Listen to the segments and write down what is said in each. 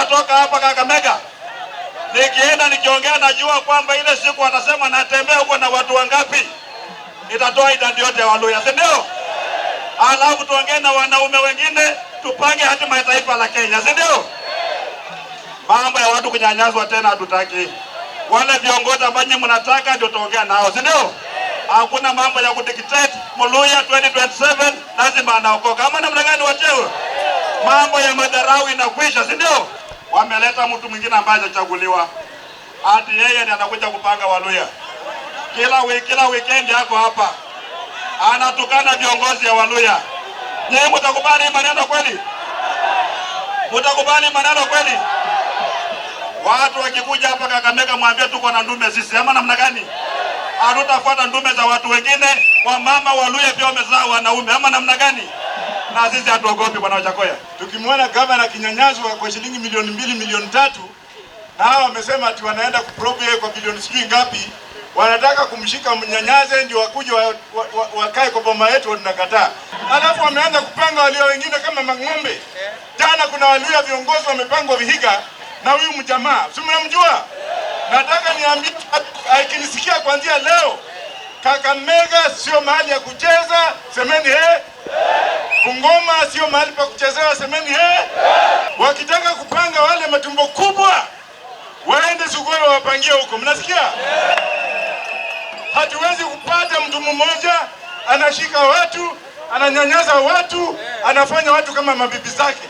natoka hapa Kakamega, nikienda nikiongea, najua kwamba ile siku wanasema natembea huko na watu wangapi, nitatoa idadi yote ya Waluya, si ndio? Alafu tuongee na wanaume wengine, tupange hatima ya taifa la Kenya, si ndio? Mambo ya watu kunyanyaswa tena hatutaki. Wale viongozi ambao mnataka ndio tuongea nao, si ndio? Hakuna mambo ya kudictate Muluya 2027 lazima anaokoka. Ama namna gani wachewe? Mambo ya madharau inakwisha, si ndio? wameleta mtu mwingine ambaye hajachaguliwa, hadi yeye ndiye anakuja kupanga Waluya. Kila wiki, kila weekend yako hapa anatukana viongozi ya Waluya. Nyinyi mtakubali maneno kweli? Mtakubali maneno kweli? Watu wakikuja hapa Kakamega, mwambie tuko na ndume sisi, ama namna gani? Hatutafuata ndume za watu wengine. Wamama Waluya pia wamezaa wanaume, ama namna gani? na sisi hatuogopi bwana Wajakoya. Tukimwona gavana akinyanyazwa kwa shilingi milioni mbili milioni tatu na hawa wamesema ati wanaenda kuprobe yeye kwa bilioni sijui ngapi, wanataka kumshika mnyanyaze ndio wakuja wa, wa, wa, wakae kwa boma yetu, tunakataa. Alafu wameanza kupanga walio wengine kama mang'ombe. Jana kuna walio viongozi wamepangwa Vihiga na huyu mjamaa, si mnamjua? Nataka niambie akinisikia kuanzia leo, Kakamega sio mahali ya kucheza. Semeni he Bungoma sio mahali pa kuchezewa, semeni he. Eh? Wakitaka kupanga wale matumbo kubwa waende Sugoro wapangie huko, mnasikia? Hatuwezi kupata mtu mmoja anashika watu, ananyanyaza watu, anafanya watu kama mabibi zake.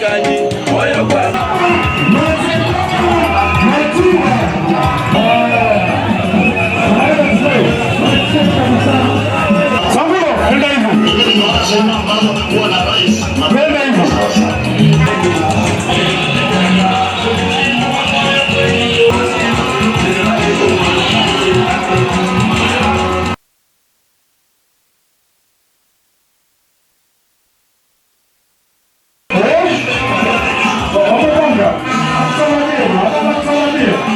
ka anyị oyọkwa Sasa ndio ndio hivyo. Ndio Agora vai falar, meu.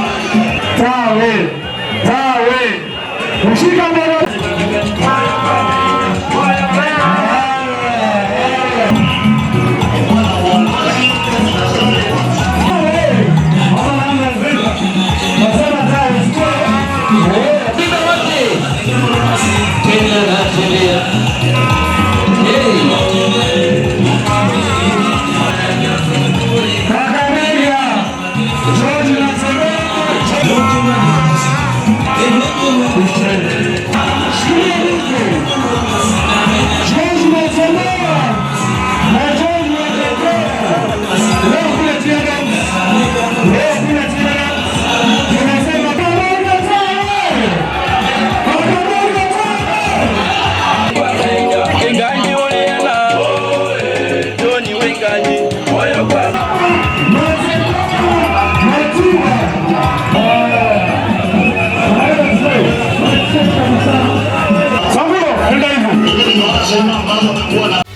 I'm mama, what I